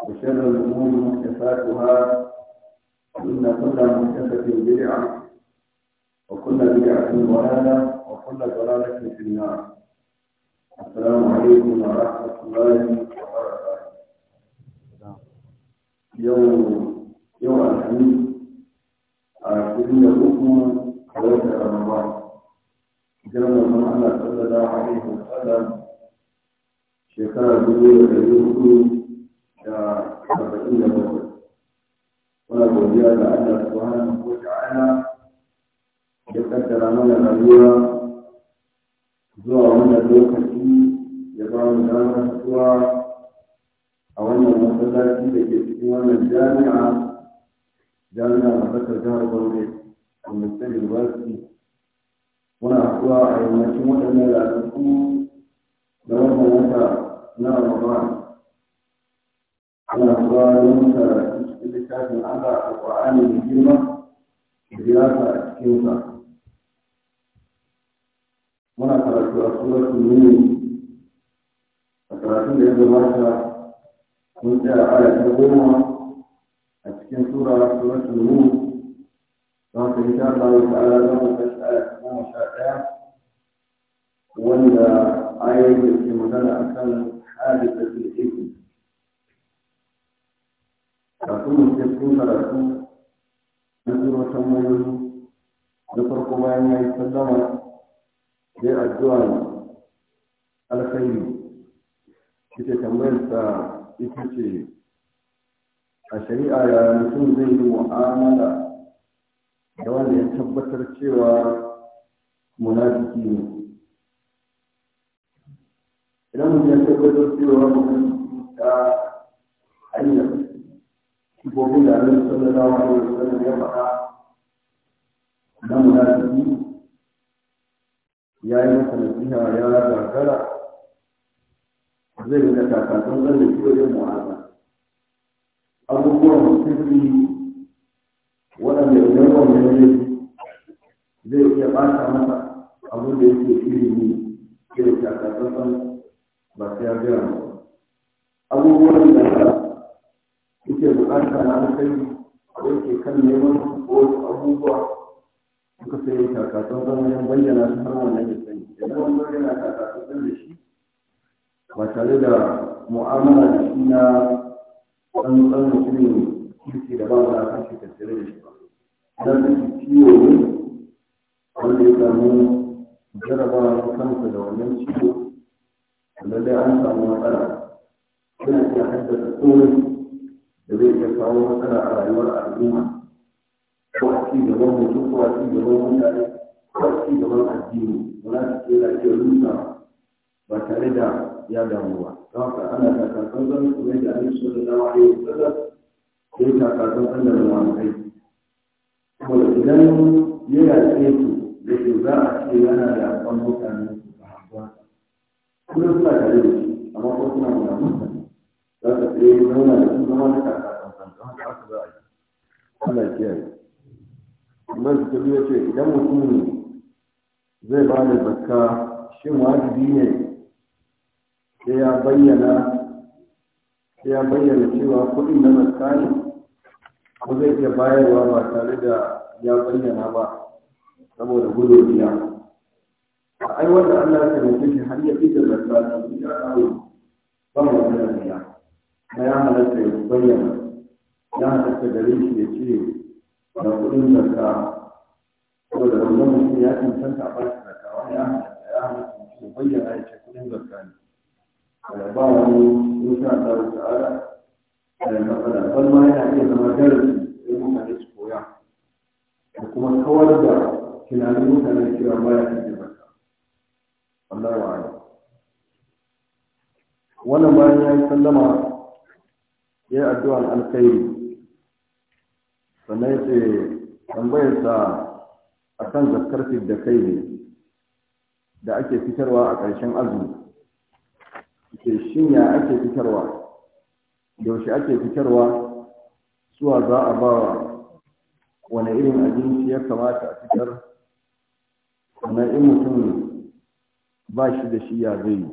وشر الأمور محدثاتها وإن كل محدثة بدعة وكل بدعة ضلالة وكل ضلالة في النار السلام عليكم ورحمة الله وبركاته يوم يوم الخميس عاشرين لكم قوات رمضان جرم من صلى الله عليه وسلم شكرا بدون da arba'in da bakwai muna godiya da Allah subhanahu wa ta'ala ya kaddara mana rayuwa zuwa wannan lokaci ya ba mu damar zuwa a wannan masallaci da ke cikin wannan jami'a jami'a na ƙasar jihar Gombe a Mr. University muna haɗuwa a yammacin waɗannan ranaku da wannan wata na Ramadan ana zuwa yanka littafin Allah a ƙwa'ani mai girma da a cikinsa. Muna karatu a a da ya gabata mun tsaya goma a cikin sura suratu nuni don ka sha ɗaya wanda ayoyin magana akan hadisatul kafin mu je cikin karatu na zuro tambayoyi na farko bayan ya yi sallama ya addu'a alkhairi ita tambayar ta ita ce a shari'a ya mutum zai yi mu'amala da wanda ya tabbatar cewa munafiki ne idan mutum ya tabbatar cewa munafiki ta sifofin da annabi sallallahu alaihi wasallam ya faɗa na munafiki ya yi masa nasiha ya gagara zai ga kakasan zan da wajen mu'aza abubuwan sirri waɗanda idan wannan ne zai iya ɓata masa abin da yake ilimi irin kakasan ba sai ya gaya abubuwan da muke bukata na alkhairi da yake kan neman wasu abubuwa suka sai kakatun zama yan bayyana su har wannan ya sani idan wani zai yana kakatun da shi ba tare da mu'amala da shi na tsantsan mutumin kirki da ba mu da kan shi tattare da shi ba idan su ciwo ne wanda ya samu jarabawa kansa da wannan ciwo lallai an samu matsala yana iya haddasa tsoron da zai iya kawo matsala a rayuwar al'umma ko a ci gaban mutum ko a ci gaban mutane ko a ci gaban addini wani su ke lafiya rusa ba tare da ya damu ba don haka ana takasan zan kuma da an so da dawa a yau tsada ko ya takasan zan da ruwan kai kuma idan ya yaƙe su da ke za a ce yana da akwai mutane su fahimta kuma suna tare da shi amma ko suna da mutane za ka tsaye zauna da su wani da kakakan don haka haka za a yi Allah kiyaye Allah su tafi ya idan mutum zai ba da zakka shin wajibi ne sai ya bayyana sai ya bayyana cewa kuɗin na zakka ne ko zai iya bayarwa ba tare da ya bayyana ba saboda gudun biya a aiwata Allah ya taimake shi har ya fitar da zakka ya kawo ba mu da biya na ya halatta ya bayyana ya halatta gare shi ya ce da kuɗin zarka ko da wanda mutum ya cancanta ba shi da kawa ya halatta ya halatta ya bayyana ya ce kuɗin zarka ne ba wani insha Allah ta'ala da ban ma yana iya zama darasi da mutane su koya da kuma kawar da tunanin mutane cewa baya cikin zarka Allah wa'ala wannan bayan ya yi sallama ya addu'an alkhairi sannan ya ce tambayarsa akan kan fi da kai ne da ake fitarwa a ƙarshen azumi ke shin ake fitarwa yaushe ake fitarwa suwa za a wa wani irin abinci ya kamata a fitar sannan in mutum ba shi da shi ya zai yi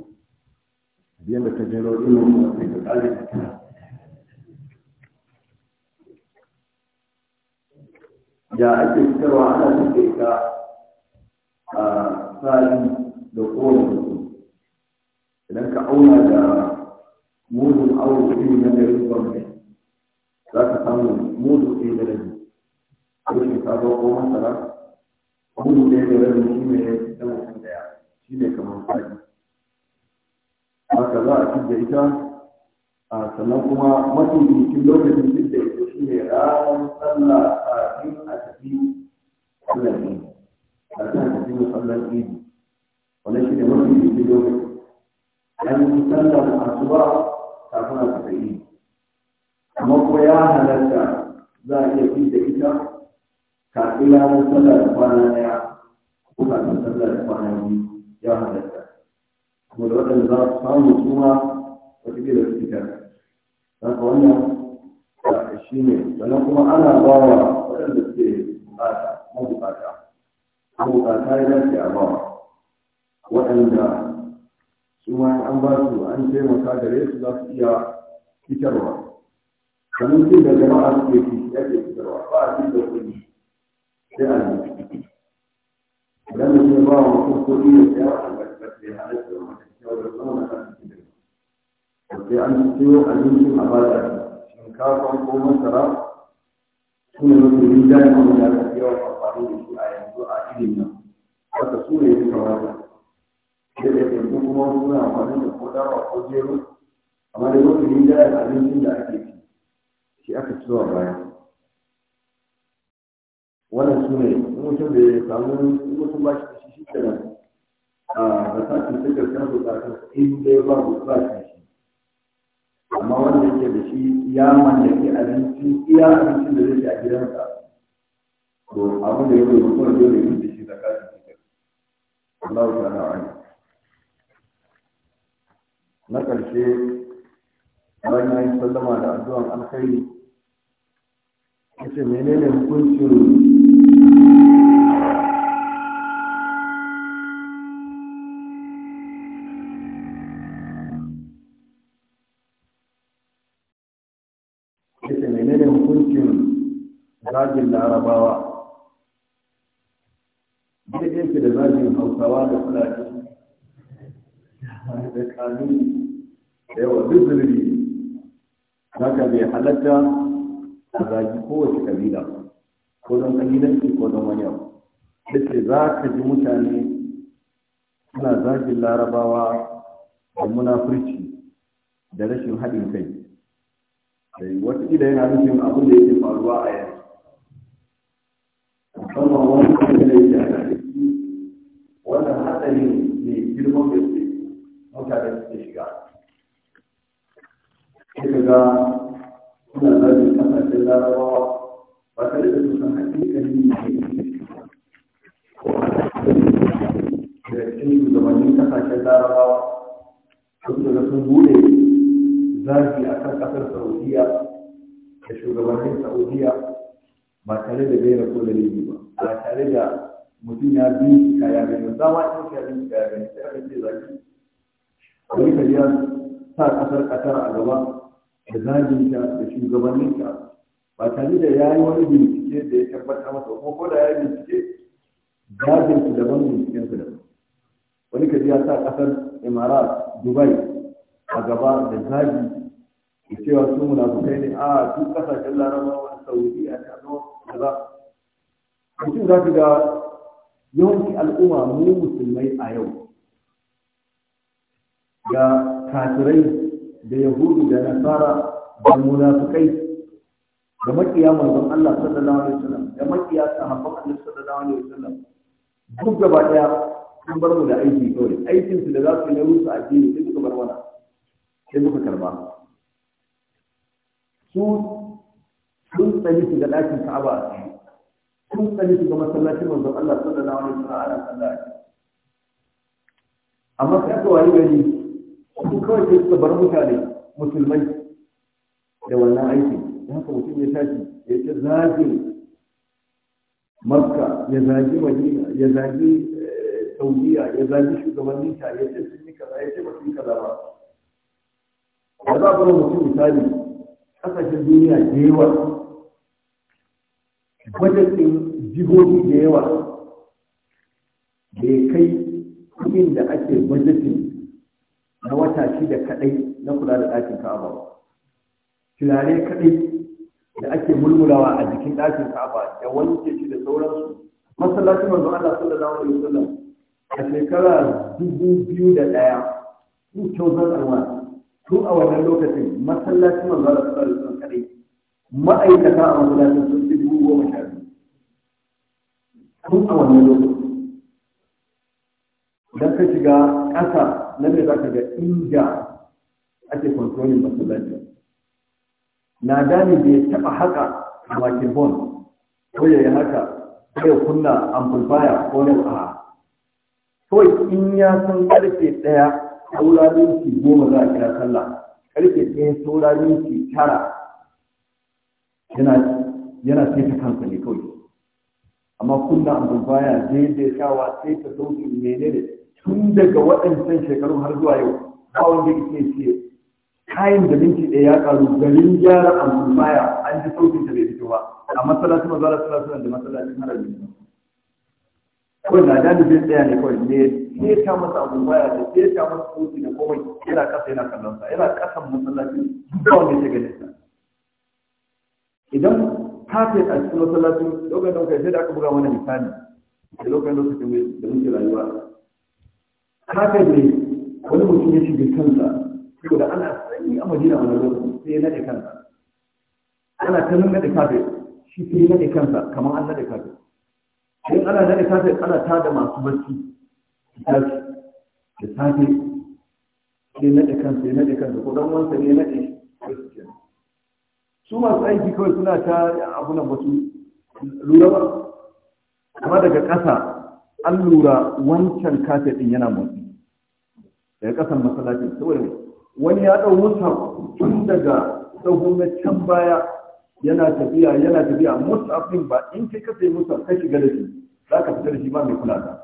biyan ta jero ilimin da kai da da ake fitarwa ana suke ta a tsari da kowane mutum idan ka auna da mudun aure biyu na garin gwamnati za ka samu mudun ɗaya da rabi ko shinkafa ko masara mudun ɗaya da rabi shi ne na mutum ɗaya shi ne kamar tsari haka za a ci da ita sannan kuma mafi lokacin shi ne ranar sallah kafin a tafi sallar idi a kan tafi musallar idi wanda shi ne mafi jiki lokaci an yi sallar asuba kafin a tafi idi amma ko ya halarta za a iya fi da ita kafin ranar sallar kwana daya ko kafin sallar kwana biyu ya halarta kuma da waɗanda za su samu suma wata da su fitar. Za ka wannan shi ne sannan kuma ana ba wa waɗanda suke bukata mabukata mabukata ya dace a ba waɗanda su ma an ba su an taimaka da su za su iya fitarwa sannan cin da jama'a suke fi ya ke fitarwa ba a cin da kuɗi sai a yi idan da ke ba wa mutum kuɗi ya tsaya a ƙarƙashin da ya halatta da mutum kyau da tsawon da kan cikin da sai an ciyo abincin a ba da shinkafa ko masara su ne mafi yin jami'in wanda aka fi yawan amfani da shi a yanzu a cikin nan wata su ne suka wata da da yanzu kuma suna amfani da ko dawa ko jero amma da mafi yin a abincin da ake ci shi aka ci zuwa baya wannan su ne mutum da ya samu mutum ba shi shi shi kenan a ah, da sa su suka kan su in dai ba su ba shi amma wanda yake da shi ya mallaki abinci iya abincin da zai a gidansa to abin da ya da kuma dole yin da shi zakatin fitar Allah ta'ala a'lam na ƙarshe bayan ya sallama da addu'an alkhairi ya ce menene hukuncin zagin larabawa daidai ke da zagin hausawa da fulani da kanuni da yawa duk Za ka bai halatta a zagi kowace kabila ko don kabilanci ko don wani abu da za ka ji mutane suna zagin larabawa da munafurci da rashin haɗin kai wataƙila yana nufin abin da yake faruwa a yanzu sama wani kuma da ya da wannan hatsari ne girman da ke mutane suke shiga suka ga suna zargin kasashen larabawa ba tare da su san hakikalin ne da cikin shugabannin kasashen larabawa sun daga sun bude zafi a kan kasar saudiya da shugabannin saudiya ba tare da gaira ko da ba ba tare da mutum ya bi kaya gani ba ma in ya bincika kaya ga sai aka ce zaki wani ka ya sa kasar kasar a gaba da zaginta da shugabanninta ba tare da ya yi wani bincike da ya tabbata masa ko ko da ya bincike zagin su daban binciken su daban wani ka ya sa kasar imarat dubai a gaba da zagi da cewa su munafukai ne ah, a duk kasashen larabawa saudiya ta zo kaza mutum za ka ga yawanci al'umma mu musulmai a yau ga kafirai da yahudu da nasara da munafukai da makiya manzon Allah sallallahu alaihi wasallam da makiya sahabban Allah sallallahu alaihi wasallam duk gaba daya sun bar mu da aiki kawai aikin su da za su yi na rusa addini sai suka bar mana sai muka karba su sun tsani su ga ɗakin Ka'aba a kun tsare su ga masallacin manzon Allah da sallallahu alaihi wasallam ana sallah amma sai aka wayi gani, su kawai sai suka bar mutane musulmai da wannan aiki da haka mutum ya tashi ya ce zage makka ya zage madina ya zage eh, saudiya ya zage shugabannin ta ya ce sun yi kaza ya ce ba sun yi kaza ba da za a bar mutum misali ƙasashen duniya da yawa budget jihohi da yawa ya kai kudin da ake budgeting na wata shida kaɗai na kula da ɗakin ka'aba ba tunane kaɗai da ake mulmulawa a jikin ɗakin ka'aba da ke shi da sauransu masallacin manzon Allah sallallahu alaihi wasallam a shekara dubu biyu da ɗaya 2001 tun a wannan lokacin masallacin manzon Allah sallallahu alaihi wasallam kaɗai ma'aikata a masallacin sun goma sha biyu a wannan lokaci idan ka shiga ƙasa nan ne za ka ga inda ake kontrolin masallaci na gane bai taɓa haka a makin bon ko ya yi haka ko ya kunna amplifier ko na a Ko in ya san ƙarfe ɗaya sauraron ki goma za a kira sallah ƙarfe ɗaya sauraron ki tara yana yana sai ta kansa ne kawai amma kunna abu baya shawa sai ta sauki menene tun daga waɗancan shekaru har zuwa yau ba wanda ke ce kayan da minti ɗaya ya ƙaru, garin gyara abu baya an ji sauki ta bai fito ba a masallacin mazala sallallahu da masallacin harabin kawai na da bai tsaya ne kawai ne sai ta masa abu baya da sai ta masa sauti da komai yana ƙasa yana kallon sa yana ƙasan masallacin ba wanda ke ganin sa idan kafin a cikin masallaci lokacin da muka sai da aka buga wani misali da lokacin da lokacin da muke rayuwa kafin ne wani mutum ya shiga kansa saboda ana sanyi a madina wani lokacin sai ya nade kansa ana ta nade kafin shi sai ya nade kansa kamar an nade kafin in ana nade kafin ana da masu barci da safe sai nade kansa ya nade kansa ko dan wansa ne ya nade shi su masu aiki kawai suna ta abunan wasu lura ba amma daga ƙasa an lura wancan kafe ɗin yana motsi daga ƙasan masallacin saboda wani ya ɗau musa tun daga tsohon na can baya yana tafiya yana tafiya musa ɗin ba in kai kafe musa ka shiga da shi za ka fita da shi ba mai kula da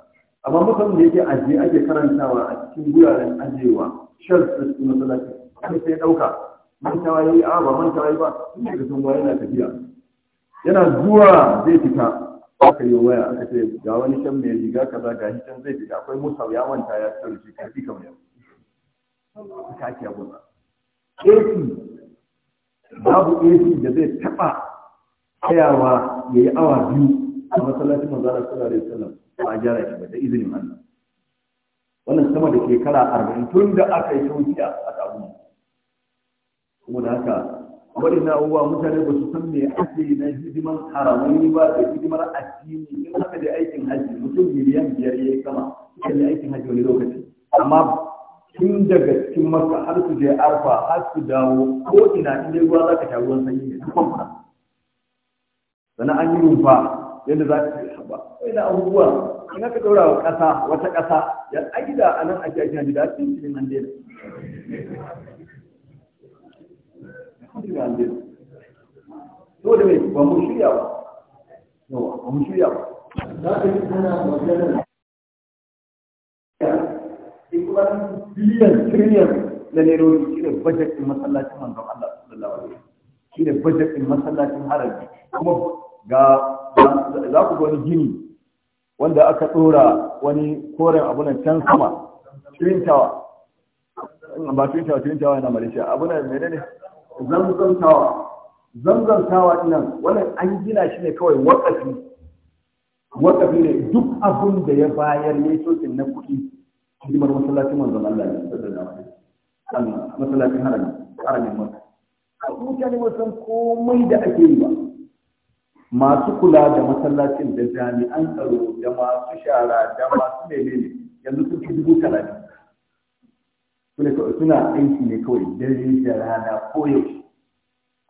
amma musa da yake ajiye ake karantawa a cikin guraren ajiyewa shan su cikin masallaci sai ɗauka a ba ba ina yana tafiya yana zuwa zai fita aka yi waya aka ce ga wani can mai riga kaza ga shi can zai fita akwai musa ya manta ya fitar shi karfi kamar yau aka ake abuwa babu AC da zai taɓa tsayawa ya yi awa biyu a masallacin manzara sallallahu alaihi wasallam ba a gyara shi ba da izinin Allah wannan sama da shekara arba'in tun da aka yi shaukiya saboda haka waɗannan abubuwa mutane ba su san me ake na hidiman haramuni ba da hidimar addini in haka da aikin haji mutum miliyan biyar ya yi sama suka je aikin haji wani lokaci amma tun daga cikin maka har su je arfa har su dawo ko ina in dai ruwa za ka sha ruwan sanyi ne kuma kuma sannan an yi rumfa yadda za ka yi haɓa wai ina abubuwa in aka ɗora wa ƙasa wata ƙasa ya aida a nan ake ake hajji da cikin an daina kudi ga aljanna to da mai mu shirya ba ba mu shirya ba za biliyan shi masallacin Allah shi masallacin kuma ga za ku ga wani gini wanda aka tsora wani koren abu nan can sama twin tower ba twin tower twin tower na Malaysia abu nan menene Zanzantawa. Zanzantawa nan wannan an gina shi ne kawai wakafi wakafi ne duk abin da ya bayar ne sosai na kuɗi hidimar masallacin manzon Allah ne sallallahu alaihi wasallam masallacin harami haramin Makka mutane ba san komai da ake yi ba masu kula da masallacin da jami'an tsaro da masu shara da masu menene yanzu sun fi dubu talatin suna aiki ne kawai dare da rana koyaushe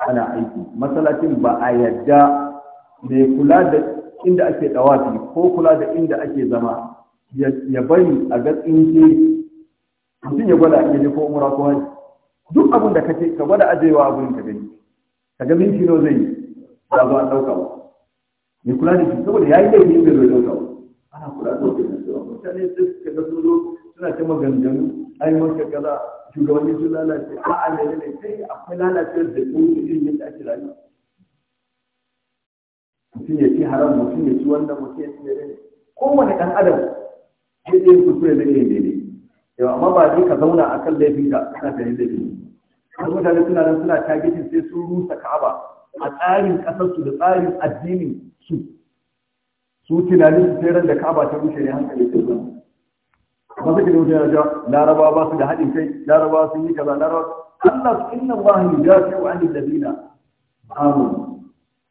ana aiki masalacin ba a yadda mai kula da inda ake dawafi ko kula da inda ake zama ya bari a ga tsinke mutum ya gwada ake je ko umra ko hajji duk abin da kace ka gwada ajewa abin ka gani ka ga minti nawa zai ba zo an dauka ba mai kula da shi saboda yayi da yin zai dauka ba ana kula da wannan mutane sai ka ga sun suna ta maganganu ai maka kaza shugabanni sun lalace a a ne ne sai akwai lalacewar da ɗin irin yadda ake rayu. mutum ya ci haram mutum ya ci wannan mutum ya ci ne kowane ɗan adam sai dai kuskure da yin daidai yau amma ba dai ka zauna a kan laifin ka kana da yin daidai har mutane suna nan suna tagetin sai sun rusa ka'aba a tsarin ƙasarsu da tsarin addinin su su tunanin su sai ran da ka'aba ta rushe ne hankali sai zama ba su kiri mutane da laraba ba su da haɗin kai laraba sun yi kaza laraba Allah su inna Allah ya fi wa anil ladina amin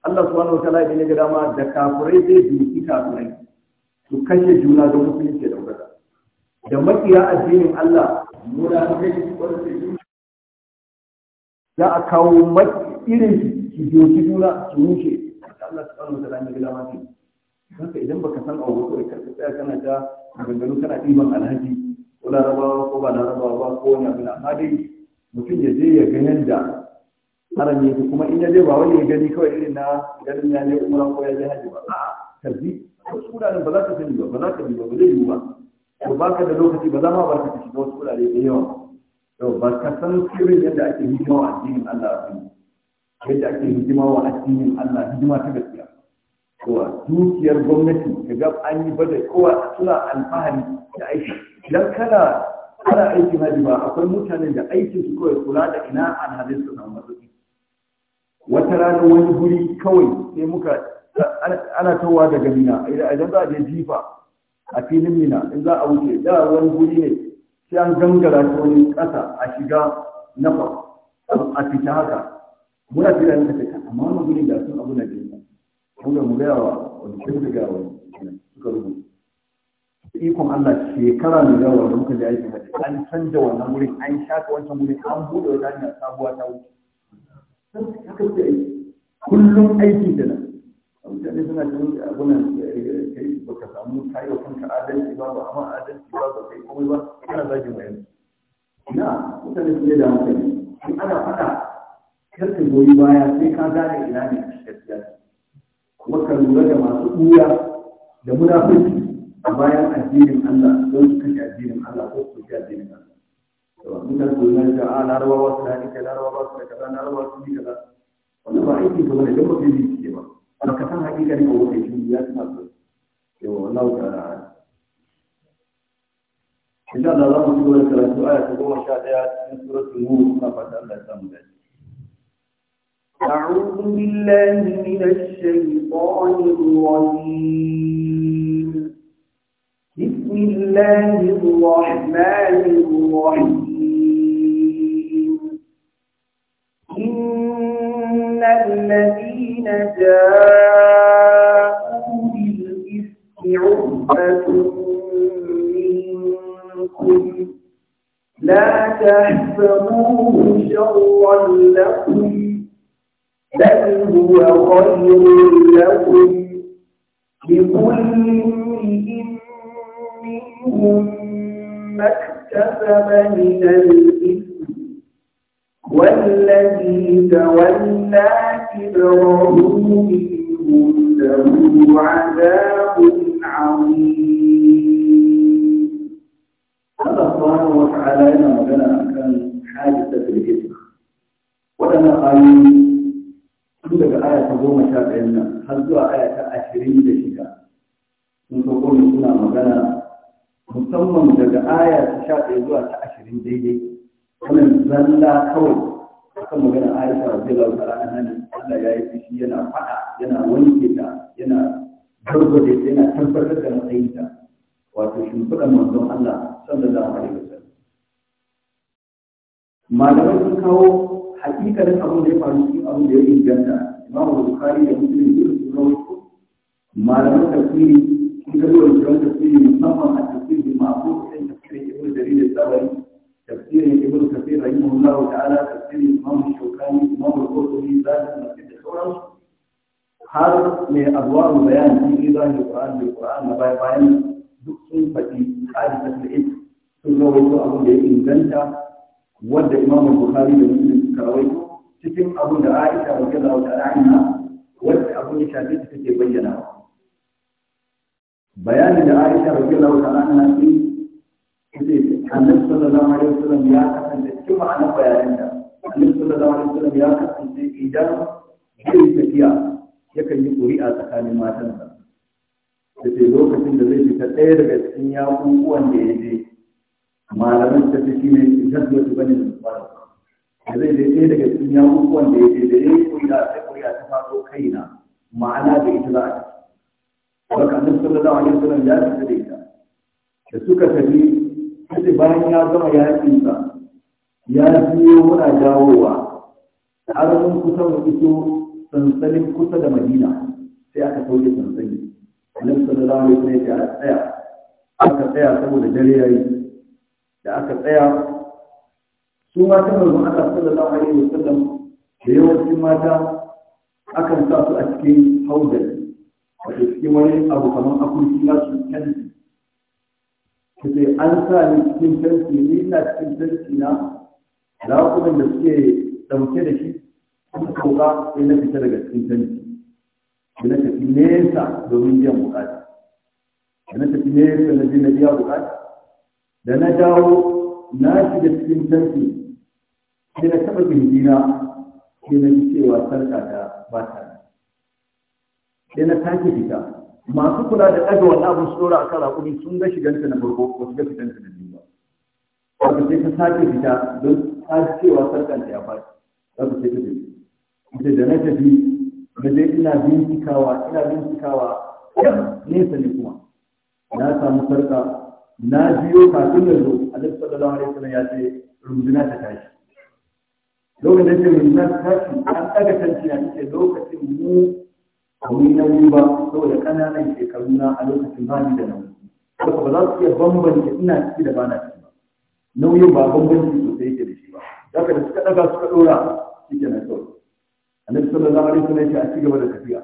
Allah subhanahu wataala idan ya ga dama da kafurai zai duki kafurai. su kashe juna don musulunci da wadata da makiya addinin Allah mura ta kai za a kawo maki irin su doki juna su rushe Allah subhanahu wataala ya ga dama ce haka idan baka san abu kawai karka tsaya kana ta maganganu kana ɗiban alhaji ko larabawa ko ba larabawa ba ko wani abin amma dai mutum ya je ya ga da harami yake kuma in ya je ba wani ya gani kawai irin na ganin ya je umara ko ya je haji ba a'a tarbi wasu wuraren ba za ka sani ba ba za ka bi ba ba zai yiwu ba to ka da lokaci ba za ma ba ka shiga wasu wurare da yawa to ba ka san sirrin yadda ake hidima wa addinin Allah ba yadda ake hidima wa addinin Allah hidima ta gaske kowa dukiyar gwamnati da gab an yi bada kowa suna alfahari da aiki idan kana ana aikin hajji ba akwai mutane da aikin su kawai kula da ina alhalin su samu matsayi wata rana wani guri kawai sai muka ana tawa daga mina idan za a je jifa a filin mina in za a wuce da wani guri ne sai an gangara ta wani ƙasa a shiga nafa a fita haka muna fira ne ta amma wani guri da sun abu na jirgin kuna mu gaya wa wani kin daga wani suka rubuta ikon Allah shekara mai yawa da muka ji aikin hajji an canja wannan wurin an shafa wancan wurin an buɗe wata hanya sabuwa ta wuce haka suke aiki kullum aiki da nan mutane suna cin abunan kai eh, eh, ba ka samu kayo kanka adalci ba ba amma adalci ba ba kai komai ba kana zagi mai yanzu na mutane su ne da hankali in ana faɗa kar ka goyi baya sai ka gane ina ne a gaskiya kuma ka lura da masu ɓuya da munafiki a bayan addinin Allah don su kashe addinin Allah ko su kashe addinin Allah. Mutan su yi ta a larawa wasu na ita larawa wasu da kaza larawa su ni kaza. Wannan ba aiki ka bane don ba zai yi ba. Ba ka san hakikalin a wata shi ya ci masu. Yawa Allah ta da ala. Insha Allah za mu ci gaba da karatu aya ta goma sha ɗaya cikin suratul suna na أعوذ بالله من الشيطان الرجيم بسم الله الرحمن الرحيم إن الذين جاءوا بالإفك عرفة منكم لا تحسبوه شرا لكم بل هو خير لكم لكل امرئ منهم ما اكتسب من الإثم والذي تولى كبره منهم له عذاب عظيم الله سبحانه وتعالى ينبغي أن كان حادثة الإثم ولنا قليل tun daga aya ta goma sha ɗayan nan har zuwa aya ta ashirin da shida sun sauko ne suna magana musamman daga aya ta sha ɗaya zuwa ta ashirin daidai wannan zalla kawai akan magana aisha zai ta'ala anha nan, Allah ya yi fushi yana faɗa yana wanke ta yana gargade ta yana tabbatar da matsayinta wato shimfiɗan manzon Allah sallallahu alaihi wasallam malamai sun kawo hakikalin abin da ya faru shi abin da ya inganta imamu bukari da muslim duk su rawaito malaman tafsiri sun ga dole su tafsiri musamman a tafsiri masu sai tafsirin ibnu jarir da sabari tafsirin ibnu kafir rahimahullah ta'ala tafsirin imamu shaukani imamu qurtubi zaki masjid da sauransu har mai azwarul bayan fi zahir qur'an bil qur'an na baya bayan duk sun faɗi hadisatul ilm sun rawaito abin da ya inganta wadda imamu bukhari da muslim karawai cikin abin da Aisha wa jalla wa ta'ala wacce abin da shafi ta take bayyana bayanin da Aisha da jalla wa ta'ala ne kace Annabi sallallahu alaihi wasallam ya kasance cikin ma'anar bayanin da Annabi sallallahu alaihi wasallam ya kasance idan zai tafiya yakan yi ƙuri'a tsakanin matan da ce lokacin da zai fita ɗaya daga cikin uwan da ya je malaman ta shi ne zai zo su bane da su fara da zai je ɗaya daga cikin yawon da ya je da ya yi koyi sai ta faso kaina ma'ana da ita za a ci baka annabi sallallahu alaihi wasallam ya fita da ita da suka tafi sai bayan ya zama yakin sa ya biyo muna dawowa har mun kusa mu iso sansanin kusa da Madina sai aka sauke sansani annabi sallallahu alaihi wasallam ya tsaya aka tsaya saboda dare yayi da aka tsaya su ma ta manzon Allah sallallahu alaihi wasallam da yawancin mata akan sa su a cikin haudar wato cikin wani abu kamar akurki na su canji ta ce an sa ni cikin tanki ni na cikin tanki na raƙumin da suke ɗauke da shi suka kauka sai na fita daga cikin tanki da na tafi nesa domin biyan bukata da na tafi nesa na je na biya bukata da na dawo na shiga cikin tanki sai na taɓa gindina sai na ji cewa sarƙa da ba ta sai na sake fita masu kula da ɗaga wani abin su ɗora a kan raƙumi sun ga shiganta na farko ko su ga fitanta na biyu ba wato sai ta sake fita don ta ji cewa ta ya faɗi wato sai ta tafi ita da na tafi na je ina bincikawa ina bincikawa nesa ne kuma na samu sarƙa na biyo kafin yanzu a sallallahu da wasallam ya ce rundunar ta tashi lokacin da mun nan tashi an daga tanci na ce lokacin mu ba mu nauyi ba saboda kananan shekaru na a lokacin ba ni da nauyi haka ba za su iya bambance ina ciki da bana na ciki ba nauyin ba bambanci sosai yake da shi ba haka da suka daga suka dora shi ke nan kawai annabi sallallahu alaihi wasallam ya ce a ci gaba da tafiya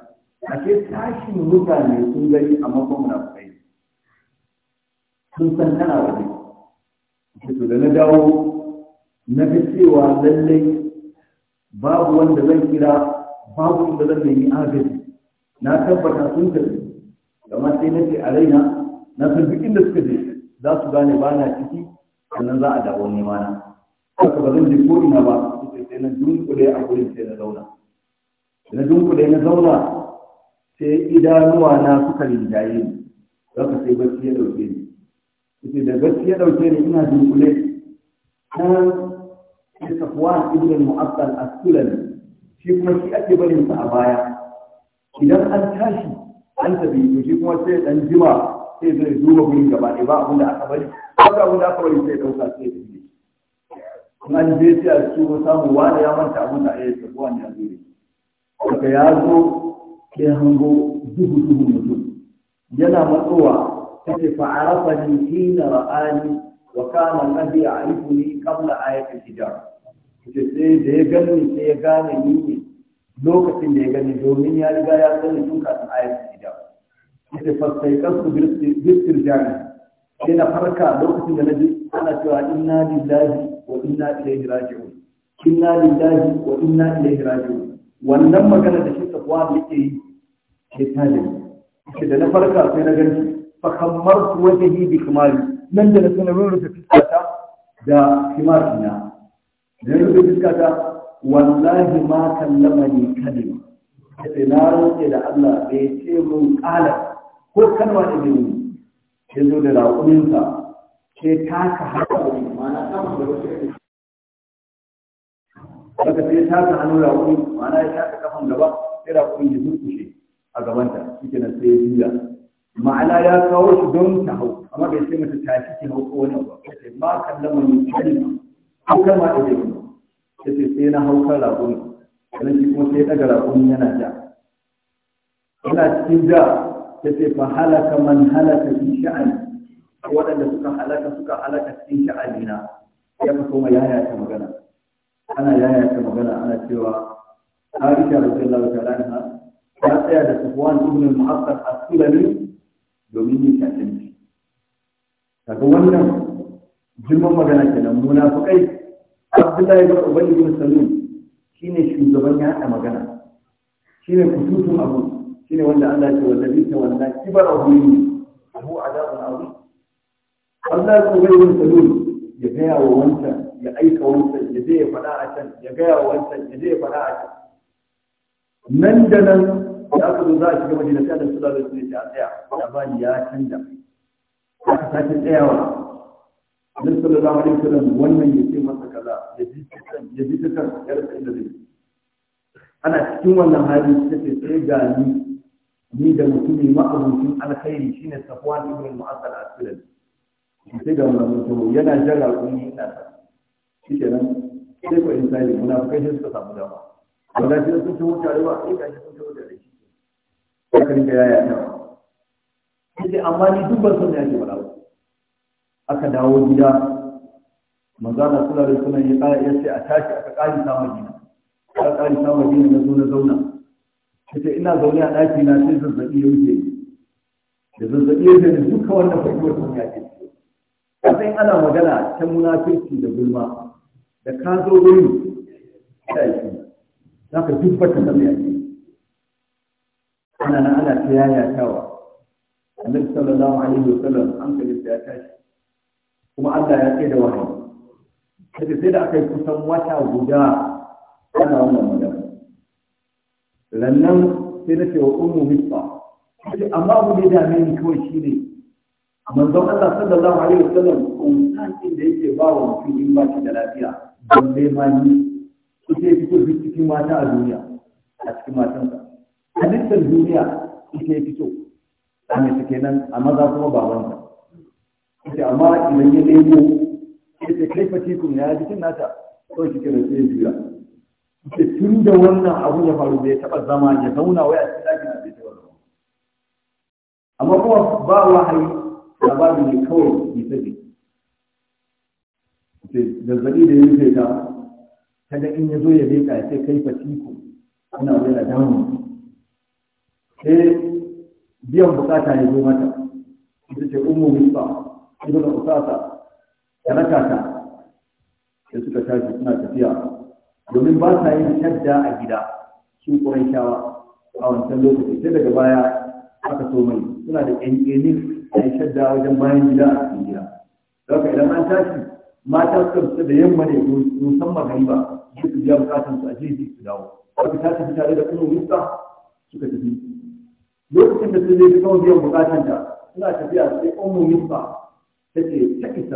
ake tashin mutane sun gani a makon munafukai sun san kana waje to da na dawo na fi cewa lallai babu wanda zan kira babu wanda zan nemi agaji na tabbata sun tafi kamar sai na ce a raina na san duk inda suka je za su gane ba na ciki sannan za a dawo nema na haka ba zan je ko ina ba sai na dunkule a gurin sai na zauna na dunkule na zauna sai idanuwa na suka rinjaye ni ka sai bacci ya dauke ni sai da bacci ya dauke ni ina dunkule da kuwa ibn al-mu'attal as-sulami shi kuma shi ake barin sa a baya idan an tashi an tafi to shi kuma sai dan jima sai zai duba gurin gaba ɗaya ba abin da aka bari ba abin da aka bari sai dauka sai da shi in an je sai a ko samu wani ya manta abin da ya wani ya zuri daga ya zo sai hango duhu duhu mutum yana matsowa take fa'arafani hina ra'ani wa kana alladhi ya'rifuni qabla ayati al-hijab sai da ya gani sai ya gane ni ne lokacin da ya gani domin ya riga ya sani tun kafin ayat gida ita fasai kansu birtir jami sai na farka lokacin da na ji ana cewa inna lillahi wa inna ilaihi raji'un inna lillahi wa inna ilaihi raji'un wannan magana da shi safwan yake yi ke tajin ita da na farka sai na gani fa kamar wajahi bi kamali nan da na sanar rufe fuskata da kimarina da ya rufe fuska ta wallahi ma kallama ni kalima sai na roƙe da Allah bai ce mun ƙala ko kalma da jini ya zo da raƙuminsa ke taka haka mana kama da wasu daga sai ta taka hannu raƙuni mana ya shafa kafan gaba sai raƙuni ya zurkushe a gabanta shi na sai ya juya ma'ana ya kawo shi don ta hau amma bai ce mata ta shi ki hau ko wani ba sai ma kallama ni kalma haukar ma da zai ya ce sai na haukar raƙumi sannan shi kuma sai ɗaga raƙumi yana ja yana cikin ja ya ce fa halaka man halaka fi sha'ani waɗanda suka halaka suka halaka cikin sha'ani na ya fi koma yaya ta magana ana yaya ta magana ana cewa Aisha radiyallahu ta'ala anha ta tsaya da Sufwan ibn al-Mu'affar as-Sulami domin yin shafin. Daga wannan girman magana kenan kai. abdullahi bin ubay bin shi ne shugaban ya hada magana shine kusutun abu ne wanda Allah ya ce wallahi ta wallahi kibarahu abu a adabun abu Allah ya ubay bin salul ya gaya wa wancan ya aika wancan ya je ya faɗa a can ya gaya wa wancan ya zai ya faɗa a can nan da nan da aka zo za a shiga madina sai da sallallahu alaihi wasallam ya tsaya labari ya canja aka sake tsayawa annabi sallallahu alaihi wasallam wannan ya ce masa kaza ya ji ta kan ya ji ta kan ya rasa inda zai ana cikin wannan hali sai sai ga ni ni da mutumi ma'abucin alkhairi shine Safwan ibn Mu'azzal al-Aslami sai ga wannan mutum yana jira kun yi ina ta shi nan sai ko insani munafikai sai suka samu dama wanda sai sun ci wuta ba sai ga shi sun ci wuta da shi sai ka rinka yaya ta sai amma ni duk ban san da yake wala aka dawo gida manzo Allah sallallahu alaihi wasallam ya kaya ya ce a tashi aka kali ta Madina aka kali ta Madina na zo na zauna kace ina zaune a daki na sai zazzabi ya wuce da zazzabi ya wuce duka wannan fadiwar sun ya ce sai ana magana ta munafirci da gulma da ka zo wurin sai shi duk dubbata da ya ce ana nan ana ta yaya tawa annabi sallallahu alaihi sallam an kalli ya tashi kuma Allah ya ce da wani sai sai da aka yi kusan wata guda ana wannan magana lannan sai na ce wa ummu misba sai amma abu da dame ni kawai shine manzon Allah sallallahu alaihi wasallam kuntan din da yake ba wa mutum in ba shi da lafiya don dai ma ni ita fito cikin mata a duniya a cikin matansa halittar duniya su ke fito a mai kenan a maza kuma babansa kace amma idan ya ɗebo kace kai fatikun ya ji cin nata to shi kira sai jira Ita tun da wannan abu ya faru bai taɓa zama ya zauna waya cikin dakin bai taba zama amma kuma ba wahayi labari ne kawai ya sabi zazzabi da ya rufe ta kada in ya zo ya leƙa ya ce kai fatikun ana wani damu sai biyan bukata ya zo mata ita ce ummu misba ibn usasa da rakata sai suka tashi suna tafiya domin ba sa yin shadda a gida su shawa a wancan lokaci sai daga baya aka so mai suna da ƙyanƙyanin a yi shadda wajen bayan gida a cikin gida haka idan an tashi mata suka fita da yamma ne musamman gari ba su biya bukatan su a jirgin su dawo haka ta tafi tare da kuma wista suka tafi lokacin da sun je su kawo biyan bukatan ta suna tafiya sai ummu wista تجي تكس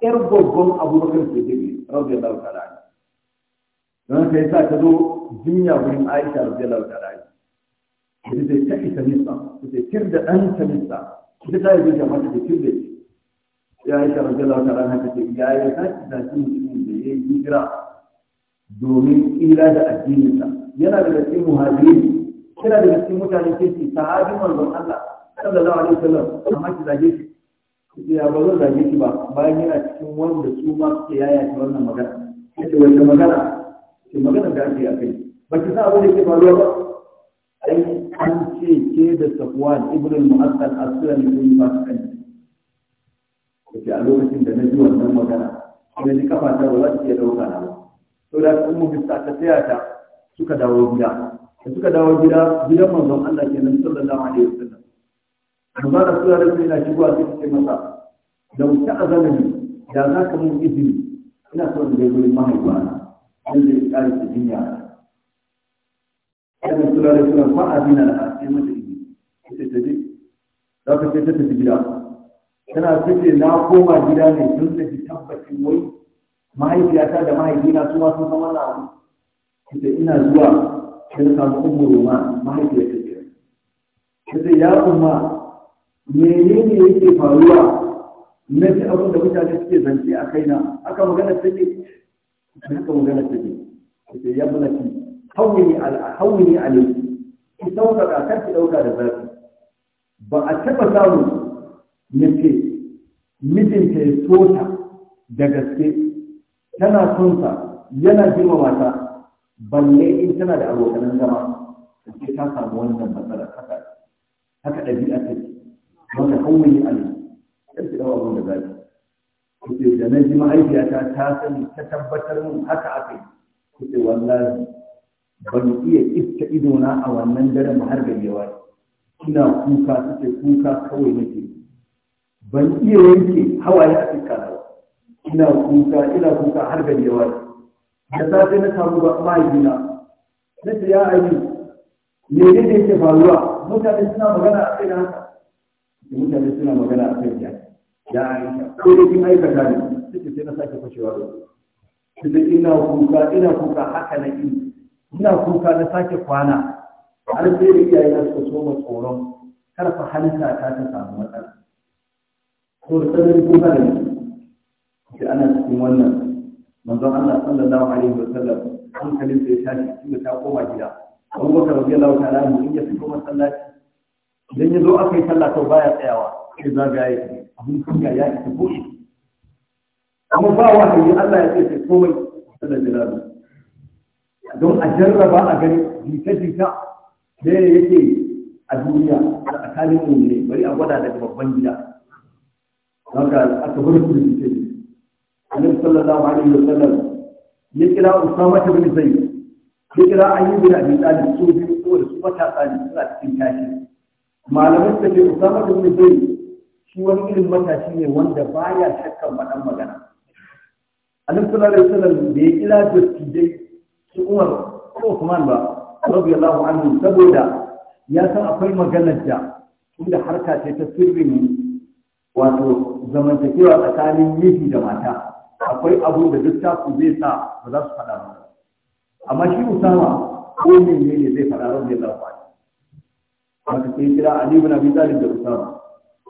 yar gwaggon abubakar su jinya wurin aisha rabbi da ɗan ta ya ya ya domin da yana kira da cikin mutane ke ce sahabi manzon Allah sallallahu alaihi wasallam amma ki zage shi ya ba zan zage shi ba bayan yana cikin wanda su ma suke yaya ta wannan magana yace wata magana ce magana da ake akai ba ki sa abin da ke faruwa ba ai an ce ke da Safwan ibn al-Mu'attal as-Sulami ko yi fasikan yace a lokacin da na ji wannan magana sai ji kafa ta ba za ta iya dauka na ba to da ummu bisa ta ta suka dawo gida da suka dawo gida gidan manzon Allah kenan sallallahu alaihi wasallam amma da sura da ina shigowa a cikin masa da wuta azalani da za ka mun izini ina so zai je gurin mahaifana dan zai kare cikin jinya yana sura da sura fa azina da sai mata izini ita ta je za ka ce ta tafi gida tana fice na koma gida ne tun da tabbacin wai mahaifiyata da mahaifina su ma sun san wannan ita ina zuwa Kin ka kuma ma mahaifiyar ta ta ce ya kuma menene yake faruwa na ce abin da mutane suke zance a kaina aka magana ta ce aka magana ta ce ta ce ya bulaki hawini hawini alaiki ki sauƙaƙa kan ki ɗauka da zafi ba a taɓa samun ce. mijinta ya so ta da gaske tana sonsa, yana girmama ta balle in tana da abokanan zama ta ce ta samu wannan matsala haka haka ɗabi'a ta ce wanda kawai ali ta ce dawa abin da za ta ce da na ji ma'aikiyata ta sani ta tabbatar mun haka aka yi ta ce wallahi ban iya iska idona a wannan daren ba har gayyawa ina kuka ta ce kuka kawai nake ban iya yanke hawaye a cikin ina kuka ina kuka har gayyawa da safe na samu ba mahaifina na ce ya aiki me ne ne ke faruwa mutane suna magana a kai na haka mutane suna magana a kai ya ya aisha ko da kin aikata ne suke sai na sake fashewa da su da ina kuka ina kuka haka na yi ina kuka na sake kwana har sai da iyaye na suka soma tsoron karfa halitta ta ta samu matsala to da tsananin kuka ne ana cikin wannan manzon Allah sallallahu alaihi wa sallam hankalin sai tashi tunda ta koma gida Abu Bakar radiyallahu ta'ala mu in ya fito masallaci idan ya zo aka yi sallah to baya tsayawa sai zagaya ya tafi abin kunya ya tafi boye amma ba wahayi Allah ya ce sai komai sallallahu alaihi don a jarraba a gani jita-jita da yake a duniya a tsakanin mu ne bari a gwada daga babban gida. Haka aka bar su da annabi sallallahu alaihi wasallam ya kira usama bin zaid ya kira ayyub bin abi talib su biyu su matasa ne suna cikin tashi malamai suka ce usama bin zaid shi irin matashi ne wanda baya shakkan faɗan magana annabi sallallahu alaihi wasallam da kira dattijai su umar ko usman ba radiyallahu anhu saboda ya san akwai maganar da inda harka ce ta sirrin wato zamantakewa tsakanin miji da mata akwai abu da duk ku zai sa ba za su faɗa ba amma shi usama ko ne ne zai faɗa ba zai zafa haka sai kira ali ibn abi talib da usama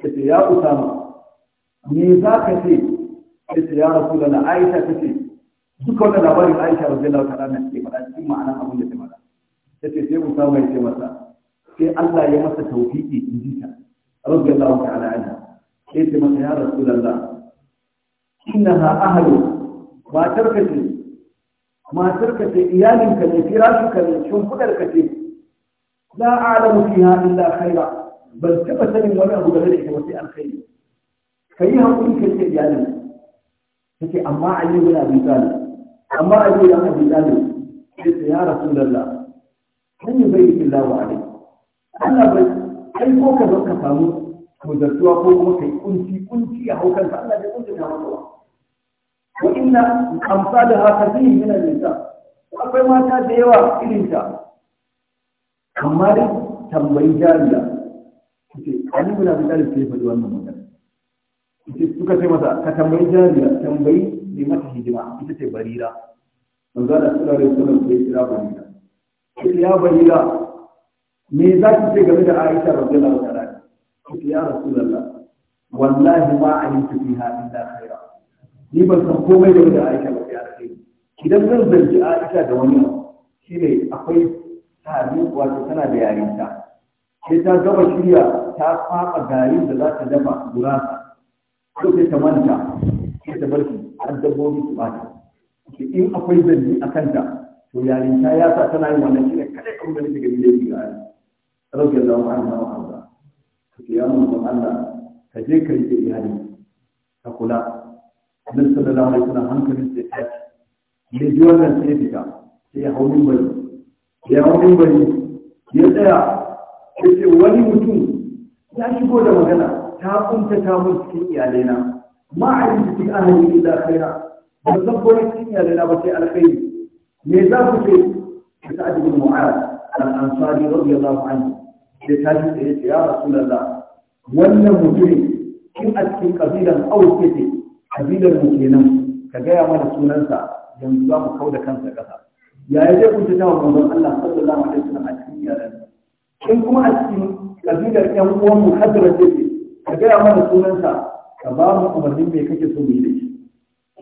kace ya usama me za ka ce kace ya rasulullah aisha kace ce duka wannan labarin aisha radiyallahu ta'ala na ke faɗa cikin ma'ana abin da ta faɗa kace sai usama ya ce masa sai Allah ya masa tawfiki in ji ta radiyallahu ta'ala anha sai ce masa ya rasulullah innaha ahlu matar ka ce matar ka ce iyalin ka ne firashin ka ne shin kudar ka ce la a'lamu fiha illa khaira ban taba sanin wani abu game da ita ba sai alkhairi kai hakuri ka ce iyalin kace amma Ali bin Abi Talib amma Ali bin Abi Talib sai ya Rasulullah kan yi bai illa wa alai Allah bai kai ko ka zo ka samu ko zartuwa ko kuma kai kunci kunci a haukansa Allah bai kunci ta maka wa inna amsalaha kathirun min an-nisa akwai mata da yawa irin ta kamar tambayi jariya kace an yi da misali sai faɗi wannan magana kace suka ce masa ka tambayi jariya tambayi ne mata hijima ita ce barira manzo da sallallahu alaihi wasallam sai kira barira kace ya barira me za ki ce game da Aisha radiyallahu anha kace ya rasulullah wallahi ma alimtu fiha illa khair ni ban san komai game da Aisha ba ya alkhairi idan zan zargi Aisha da wani shi ne akwai sabi wato tana da yarinta sai ta gaba shirya ta fafa garin da za ta dafa gurasa ko sai ta manta sai ta bar shi dabbobi su bata in akwai zargi a kanta to yarinta ya sa tana yin wannan shi ne kada kan gani daga gidan ga rabbi Allah wa anna ka ya mun Allah ka je ka yi iyali ka kula annabi sallallahu alaihi wasallam hankalin sai tashi ya ji wannan sai fita sai ya hau bari. ya hau bari? ya tsaya ya ce wani mutum ya shigo da magana ta kunta ta mun cikin iyalaina ma a yi cikin ahali illa khaira ba san ko cikin iyalaina ba sai alkhairi me za ku ce ka sa'ad ibn mu'az al-ansari radiyallahu anhu sai tashi sai ya ce ya rasulullah wannan mutum in a cikin kabilan aus yake kabilar mu kenan ka gaya mana sunansa yanzu za mu kau da kansa ƙasa yaya zai kunta ta manzon Allah sallallahu alaihi wasallam a cikin yaran in kuma a cikin kabilar ƴan uwan mu hadra take ka gaya mana sunansa ka ba mu umarnin me kake so mu yi da shi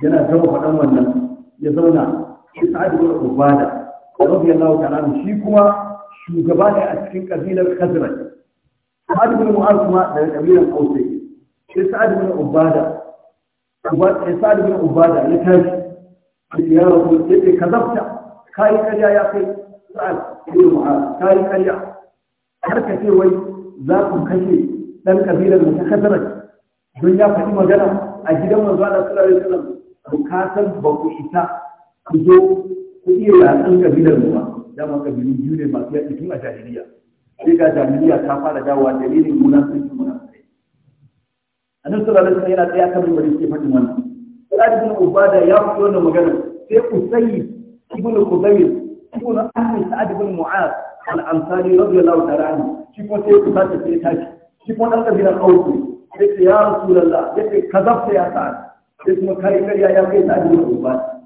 yana gama faɗan wannan ya zauna shi sa'ad ibn ubada radiyallahu ta'ala shi kuma shugaba ne a cikin kabilar khazraj sa'ad ibn mu'az kuma daga kabilar aus sai sa'ad ibn ubada sa'ad bin ubada ya tashi ya rabu ya ce ka zabta ka yi karya ya kai sa'ad bin mu'az ka yi karya har ka ce wai za ku kashe ɗan kabilar da ta kasarar don ya faɗi magana a gidan manzo Allah sallallahu alaihi wasallam ku ba ku isa ku zo ku iya yatsan kabilar mu ba dama kabilu biyu ne masu yaƙi tun a jahiliya sai ga jahiliya ta fara dawowa dalilin munafiki munafiki annabi sallallahu alaihi wasallam yana tsaye akan mimbari yake faɗin wannan sai ibn ubada ya fito wannan magana sai usayi ibn qudayr ibn ahmad sa'ad ibn mu'az al-ansari radiyallahu ta'ala anhu shi ko sai ku sace sai tashi shi ko dan kabilan auku sai ya rasulullah yace kazabta ya sa'ad sai kuma kai kariya ya kai sa'ad ibn ubada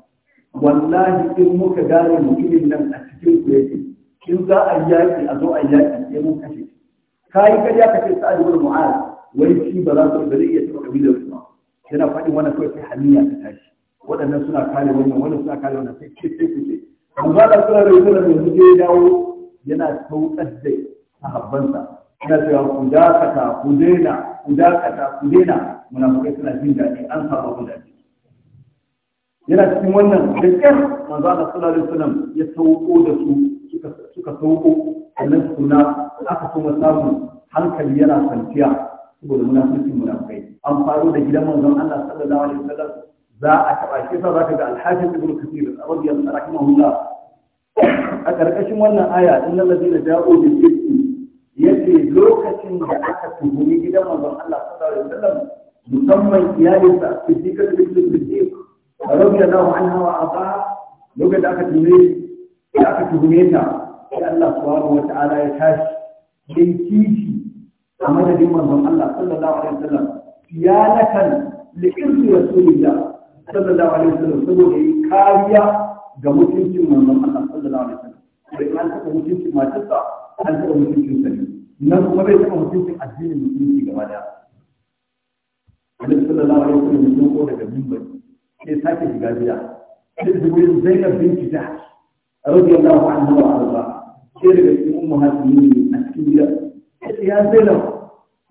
wallahi in muka gane mutumin nan a cikin ku yake in za a yaki a zo a yaki sai mun kashe ka yi kariya ka ce sa'ad ibn mu'az wai shi ba za su da zai iya taɓa kabilar su ba yana faɗin wannan kawai sai hamiya ta tashi waɗannan suna kare wannan wannan suna kare wannan sai ke sai ku ce amma da suna da yanzu da yanzu ya dawo yana saukar da sahabbansa yana cewa ku dakata ku daina ku dakata ku daina munafukai suna jin daɗi an samu abin daɗi yana cikin wannan da ƙyar manzo Allah sallallahu alaihi ya sauko da su suka sauko annan suna aka kuma samu hankali yana kwanciya saboda munafikin munafikai an faru da gidan manzon Allah sallallahu alaihi wasallam za a taba shi sa zaka ga al-hafiz ibn kathir radiyallahu rahimahullah a karkashin wannan aya innal ladina ja'u bil ifki yace lokacin da aka tuhumi gidan manzon Allah sallallahu alaihi wasallam musamman iyalinsa siddiqa bint siddiq radiyallahu anha wa arda lokacin da aka tuhume da aka tuhume ta sai Allah subhanahu wa ta'ala ya tashi sai kishi a madadin manzon Allah sallallahu alaihi wasallam ya lakan liqirtu rasulillah sallallahu alaihi wasallam saboda yi kariya ga mutuncin manzon Allah sallallahu alaihi wasallam bai an taɓa mutuncin matarsa an taɓa mutuncin sa ne nan kuma bai taɓa mutuncin addinin mutunci gaba daya Annabi sallallahu alaihi wasallam ya ko daga minbari sai sake shiga gida sai Jibril Zainab binti Jahsh radiyallahu anha wa arda sai daga cikin ummahatin mu'minin a cikin gida ya sallam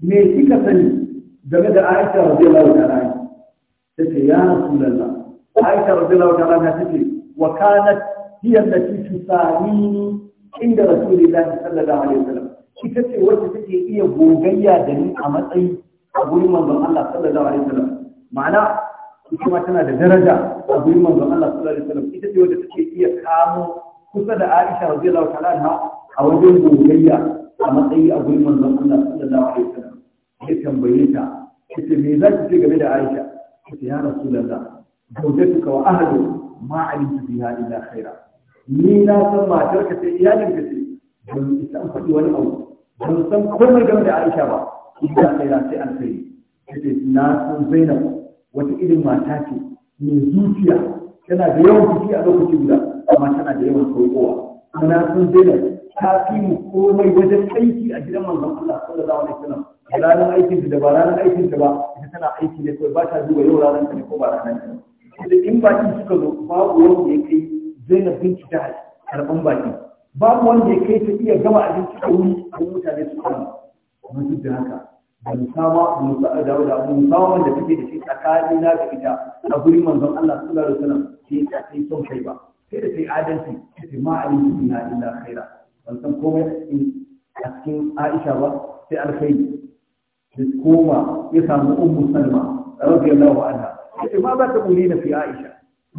me kika sani game da Aisha radiyallahu ta'ala ta tace ya rasulullah Aisha radiyallahu ta'ala anha tace wa kanat hiya allati tusani inda rasulullahi sallallahu alaihi wasallam ita ce wacce take iya gogayya da ni a matsayi a gurin manzon Allah sallallahu alaihi wasallam ma'ana ita ma tana da daraja a gurin manzon Allah sallallahu alaihi wasallam ita ce wacce take iya kamo kusa da Aisha radiyallahu ta'ala anha a wajen gogayya a matsayi a gurin manzon Allah sallallahu alaihi wasallam ya tambaye ta kace me za ki ce game da Aisha kace ya rasulullah zawjatuka wa ahlu ma alimtu biha illa khaira ni na san matar ka ce iyalin ka ce ban san faɗi wani abu ban san komai game da Aisha ba illa khaira sai alkhairi kace na san Zainab wata irin mata ce mai zuciya tana da yawan fushi a lokaci guda amma tana da yawan sauƙowa kuma na san Zainab ta komai wajen aiki a gidan manzon Allah sallallahu alaihi wasallam ranar aikin da ba ranar aikin da ba ita tana aiki ne kawai ba ta duba yau ranar ta ne ko ba ranar ta ne in baki suka zo babu wanda ya kai Zainab binci ta karban baki babu wanda ya kai ta iya gama abinci da wuri don mutane su kama kuma duk da haka da musama musa da da musama wanda take da shi tsakani na da ita a gurin manzon Allah sallallahu alaihi wasallam sai ta kai son kai ba sai da sai adalci sai ma alim na illa khaira ban san komai a cikin aisha ba sai alkhairi da koma ya samu ummu salma radiyallahu anha yace ma za ta na fi aisha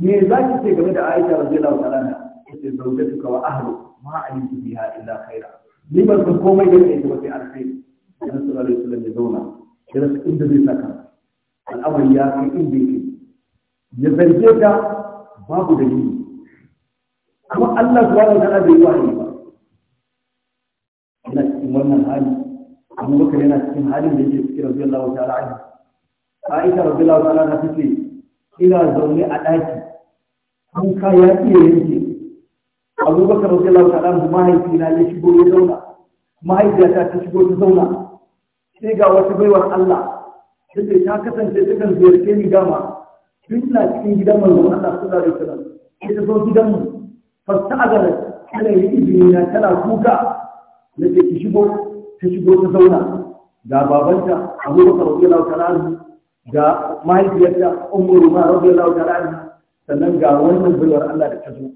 me za ki ce game da aisha radiyallahu anha yace zawjatuka wa ahlu ma alimtu biha illa khaira ni ban san komai da yake ba sai alkhairi annabi sallallahu alaihi wasallam ya zauna ya rasa inda zai saka al'amari ya kai inda yake ya zarge ta babu dalili kuma Allah subhanahu wa ta'ala bai wahayi cikin wannan hali amma baka yana cikin halin da yake cikin rabbi Allah ta'ala ai Aisha rabbi Allah ta'ala na fice ina zaune a ɗaki an ka ya iya yanke abu bakar rabbi Allah ta'ala anhu mahaifi na ya shigo ya zauna mahaifiyata ta shigo ta zauna sai ga wata baiwar Allah sai ta kasance ta kan ziyarce ni gama. tun ina cikin gidan manzon Allah sallallahu alaihi wasallam sai ta zo gidanmu fasta'azara tana yi izini na tana kuka na ce ki shigo ta shigo ta zauna ga babanta abu da karfi wata talari ga mahaifiyarta umaru ma rabbi lau talari sannan ga wannan baiwar Allah da ta zo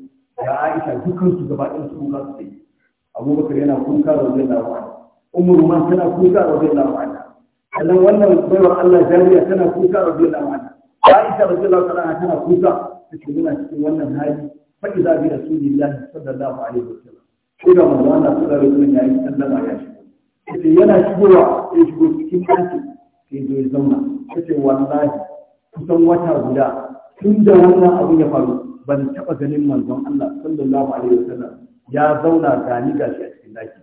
ga Aisha dukkan su gaba ɗin su kuka su yi Abubakar yana kuka rabbi lau ta'ala umaru ma tana kuka rabbi lau ta'ala sannan wannan baiwar Allah jariya tana kuka rabbi lau ta'ala Aisha rabbi lau ta'ala tana kuka take muna cikin wannan hali fa iza bi rasulillahi sallallahu alaihi wasallam ko da manzo Allah sallallahu alaihi wasallam ya yi sallama ya shigo yace yana shigowa ya shigo cikin ɗaki sai zo ya zauna yace wallahi kusan wata guda tun da wannan abin ya faru ban taɓa ganin manzon Allah sallallahu alaihi wasallam ya zauna gani gashi a cikin daki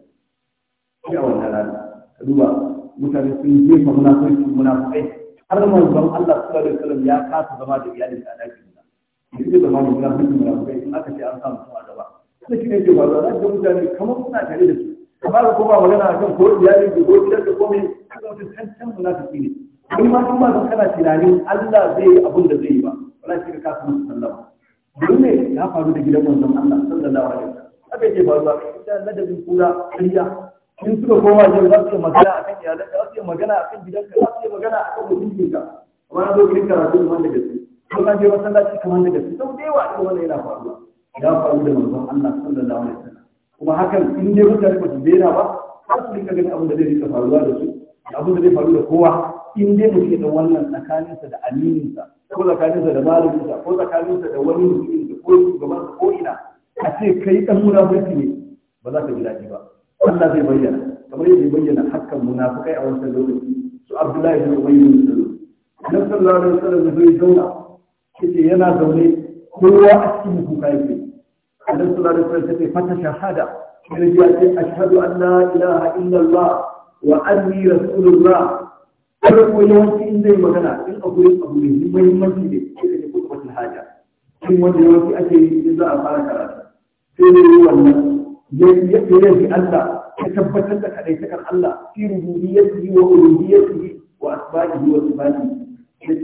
sai a wannan rana ka duba mutane sun jefa munafurci munafukai har manzon Allah sallallahu alaihi wasallam ya kasa zama da iyalin da ɗaki ne zai zama munafurci muna kai. aka ce an samu a gaba da shi ne ke faruwa! za da mutane kamar suna tare da su amma da kuma magana a kan ko iyali da ko gidan da komai kaga wata cancan tafi ne wani ma kuma da kana tunanin Allah zai yi abin da zai yi ba wala shi ka kasu musu sallama don ne ya faru da gidan manzon Allah sallallahu alaihi wasallam haka yake faruwa da ladabin kura kariya in suka koma yau za su yi magana akan iyalan ka za su yi magana akan gidan ka za su yi magana akan mutuncin ka amma na zo gidan karatu kamar da gaske ko na je masallaci kamar da gaske sau da yawa irin wannan yana faruwa ya faru da manzon Allah sallallahu alaihi wasallam kuma hakan in dai mutane ba su daina ba har su rika ganin abin da zai rika faruwa da su da abin da zai faru da kowa in dai mutum da wannan tsakaninsa da aminsa, ko tsakaninsa da malaminsa ko tsakaninsa da wani mutumin da ko shugaban ko ina a ce kai dan munafiki ne ba za ka ji daɗi ba Allah zai bayyana kamar yadda ya bayyana hakan munafikai a wancan lokaci su Abdullahi bin Ubay bin Salul Annabi sallallahu alaihi wasallam zai zauna yace yana zaune kowa a cikin kuka yake annabi sallallahu alaihi wasallam sai fata shahada sai ya ce ashhadu an la ilaha illallah wa anni rasulullah kada ko in zai magana in akwai abu mai muhimmanci ne sai ya kuma wata haja in wanda yawanci ake yi in za a fara karatu sai ne yi wannan ya yi Allah ya tabbatar da kaɗaitakar Allah fi rububiyyatihi wa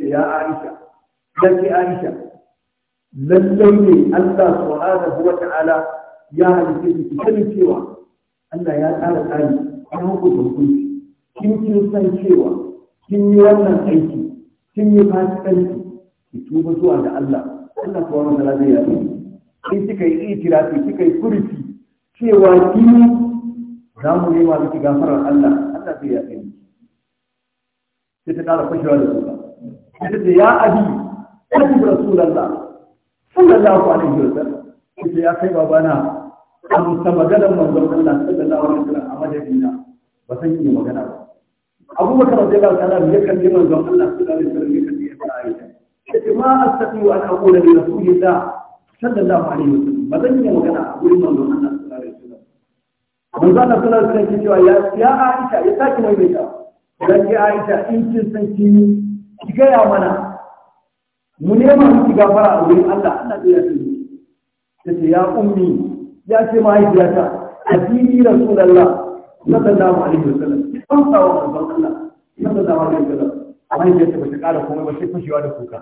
ya Aisha Aisha lallai ne Allah subhanahu wa ta'ala ya halice su sanin cewa Allah ya tsara tsari an hukunta hukunci kin kin san cewa kin yi wannan aiki kin yi fasikanci ki tuba zuwa ga Allah Allah subhanahu wa ta'ala zai yafe kin kika yi itirafi kika yi furuci cewa kin za mu nema miki gafarar Allah Allah zai yafe ni sai ta kara fashewa da su ta ce ya abi Rasulullah sallallahu alaihi wa sallam ya kai babana an ta maganar manzon Allah sallallahu alaihi wa sallam a madadina ba san yi magana ba abubakar radiyallahu ta'ala ya kalli manzon Allah sallallahu alaihi wa sallam ya kalli ya fara aisha sai ma astati wa li rasulillah sallallahu alaihi wa sallam ba zan yi magana a gurin manzon Allah sallallahu alaihi wa sallam manzon Allah sallallahu alaihi wa sallam ya cewa ya aisha ya saki mai mai ta dan ki aisha in kin san kin ki gaya mana mu nema miki gafara a wurin Allah Allah zai yafe mu ce ya ummi ya ce ma ta addini rasulullah sallallahu alaihi wasallam ki amsa a ban Allah sallallahu alaihi wasallam mahaifiyarta bata kara komai ba sai fashewa da kuka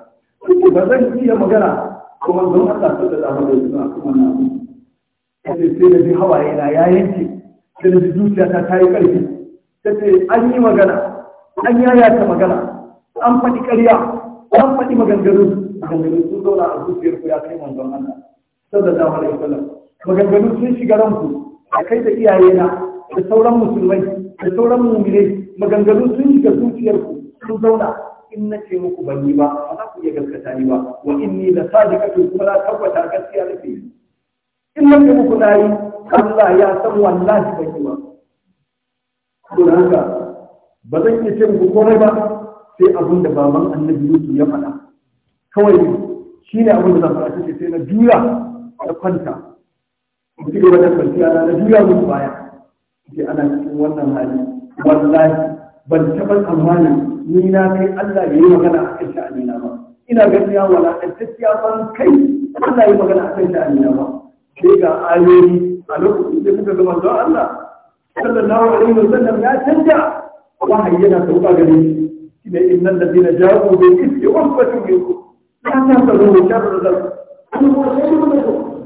ba zan iya magana kuma manzon Allah sallallahu alaihi wasallam kuma na ce sai da ji hawaye na ya ce sai da zuciya ta tayi karfi ce an yi magana an yaya ta magana an faɗi ƙarya an faɗi maganganun maganganun sun zauna a zuciyar ku ya kai manzon Allah sallallahu alaihi wasallam maganganun sun shiga ranku da kai da iyayena da sauran musulmai da sauran mu'minai maganganun sun shiga zuciyar ku sun zauna in na ce muku ban yi ba ba za ku iya gaskata ni ba wa inni la sadiqatu kuma la tabbata gaskiya nake in na Inna muku na yi Allah ya san wallahi ban yi ba. Don haka ba zan iya ce muku ba sai abin da baban annabi yusuf ya faɗa kawai shi ne abin da zan faɗa ce sai na juya da kwanta in ci gaba da kwanciya na juya musu baya sai ana cikin wannan hali wallahi ban taɓa tsammanin ni na kai Allah ya yi magana a kan sha'ani na ba ina ganin ya wala a tafiya ban kai Allah ya yi magana a kan sha'ani na ba sai ga ayoyi a lokacin da suka zama don Allah sallallahu alaihi wasallam ya canja wahayi yana sauka gare shi إلى إن الذين جاءوا بالإفك وصفة منكم لا تنتظروا شر ذلك أنه خير منكم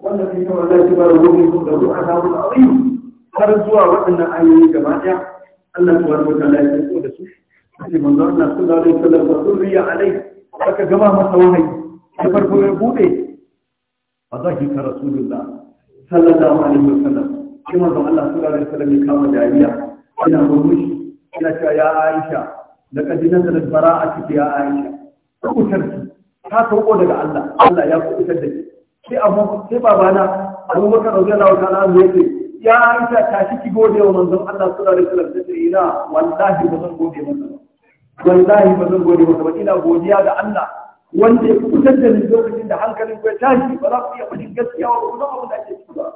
والذين لا تبروا منكم له عذاب عظيم فرزوا وأن أيها جماعة الله سبحانه وتعالى يقول لسوش لمن ظهرنا صلى الله عليه وسلم وصلي عليه haka gama masa wahayi da farko ya bude a zaki ka rasulullah sallallahu ان wasallam الله manzon Allah sallallahu alaihi wasallam ya kama dariya Ina cewa ya Aisha da laqad a bara'atuki ya Aisha kubutar ki ta sauko daga Allah Allah ya kubutar da ki sai abu sai babana Abu Bakar radiyallahu ta'ala anhu yake ya Aisha ta shi ki gode wa manzon Allah sallallahu alaihi wasallam sai ina wallahi ba zan gode masa wallahi ba zan gode masa ba ina godiya ga Allah wanda ya kubutar da ni lokacin da hankalin ku ya tashi ba za ku iya faɗin gaskiya wa kuma abin da ake ciki ba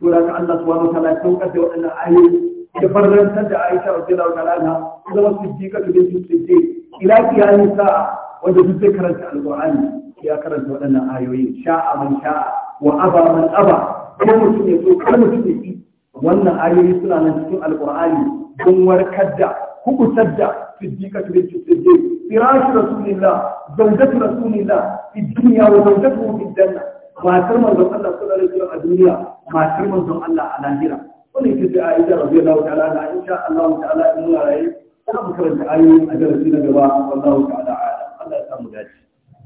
to da Allah subhanahu wa ta'ala ya saukar da waɗannan ayoyi ya farrantar da Aisha radiyallahu ta'ala anha zama siddiqa da bin siddiq ila qiyamin sa'a wanda duk zai karanta alqur'ani ya karanta waɗannan ayoyin sha'a man sha'a wa aba man aba ko mutum ya so ko mutum ya ki wannan ayoyi suna nan cikin alqur'ani don warkar da hukutar da siddiqa da bin siddiq firash rasulillah zawjatu rasulillah fi dunya wa zawjatuhu fi janna matar manzon Allah sallallahu alaihi wasallam a duniya matar manzon Allah a lahira wani ke da aisha rabbi Allah ta'ala na sha Allah ala in muna raye ta mu karanta ayoyi a darasi na gaba wallahu ta'ala a'lam Allah ya samu dace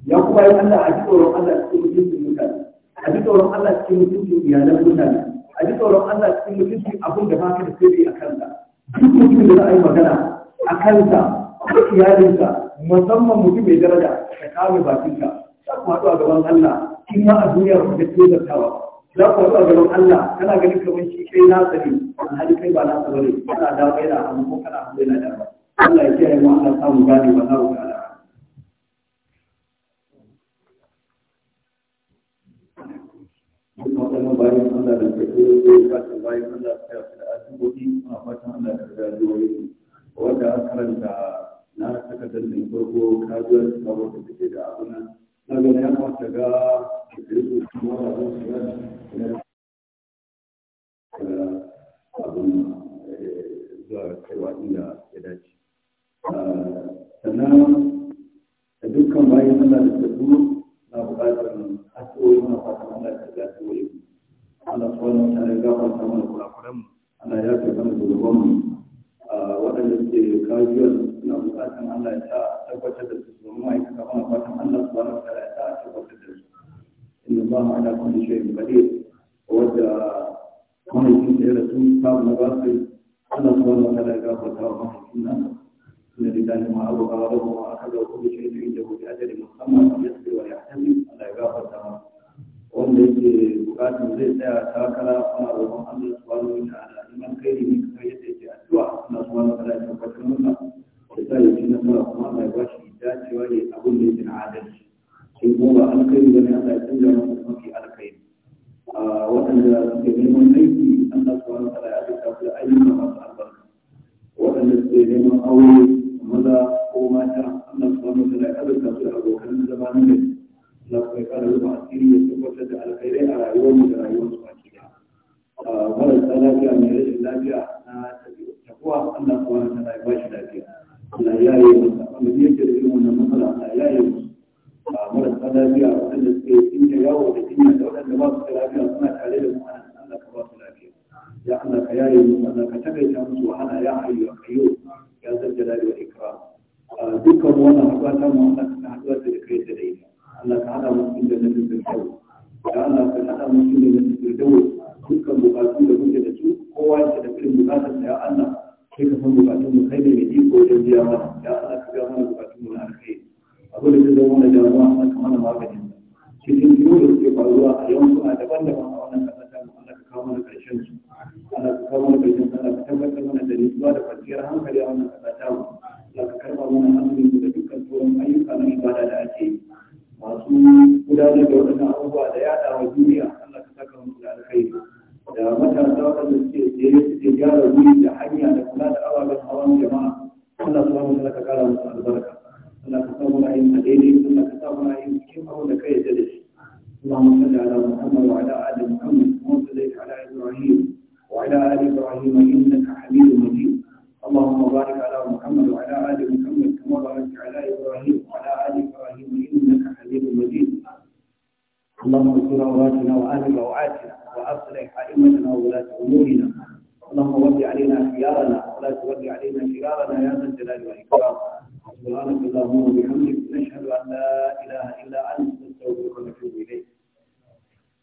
ya kuma yi Allah a ji tsoron Allah cikin mutuncin mutane a ji tsoron Allah cikin mutuncin iyalan mutane a ji tsoron Allah cikin mutuncin abin da haka da sirri a kanta duk mutumin da za a yi magana a kanta ko iyalinsa musamman mutum mai daraja ka kame bakinka za kuma zuwa a gaban Allah in ma a duniya ku ga tozartawa ba za ku wasu a Allah kana ganin kamar shi kai na sani alhali kai ba na sani ne kana dawo yana hannu ko kana hannu yana dawo Allah ya kiyaye mu Allah samu gane wa zawo ga Allah waɗannan bayan Allah da ke koyo ko kasa bayan Allah ta yi da asibiti a fatan Allah da ga zuwoyi wanda an karanta na takardar da farko kajuwar da take da abunan na gani ya kamata ga zuwa kaiwa inda ya dace sannan da dukkan bayan Allah da tabu na bukatar addu'o'i na fatan Allah ta ga addu'o'i Allah subhanahu wa ta'ala ya gafarta mana kurakuran mu Allah ya kai mana zunuban mu waɗanda suke kajiyar na bukatar Allah ya sa tabbatar da su domin ma'aikata mana fatan Allah subhanahu wa ta'ala ya sa tabbatar da su إن الله على كل شيء قدير وودع كوني كنت رسول صار مباقي الله سبحانه وتعالى قال فتاوى كنا إن لله ما أبغى غضبه وأخذ كل شيء عنده بأجل مسمى يصبر ويحتسب الله يغفر تمام wanda yake bukatun zai tsaya takara ana roƙon Allah subhanahu wa ta'ala iman kai ne kamar yadda yake addu'a Allah subhanahu wa ta'ala ya tabbatar masa ya sa ya ci nasara kuma Allah ya ba dacewa ne abin da na adalci sai kuma ba alkhairi bane Allah ya canza masa mafi alkhairi a waɗanda suke neman aiki Allah subhanahu wa ta'ala ya aika su da ayyuka masu albarka waɗanda suke neman aure maza ko mata Allah subhanahu wa ta'ala ya aika su da abokan zama na gari Allah kuma ya kara rufe asiri ya tabbatar da alkhairai a rayuwarmu da rayuwar su baki da marasa lafiya mai rashin lafiya na tafiya Allah subhanahu wa ta'ala ya ba shi lafiya Allah ya yi masa amma yake da ba su lafiya suna tare da mu ana Allah ka ba su lafiya ya Allah ka yaye mu Allah ka takaita musu wahala ya ayi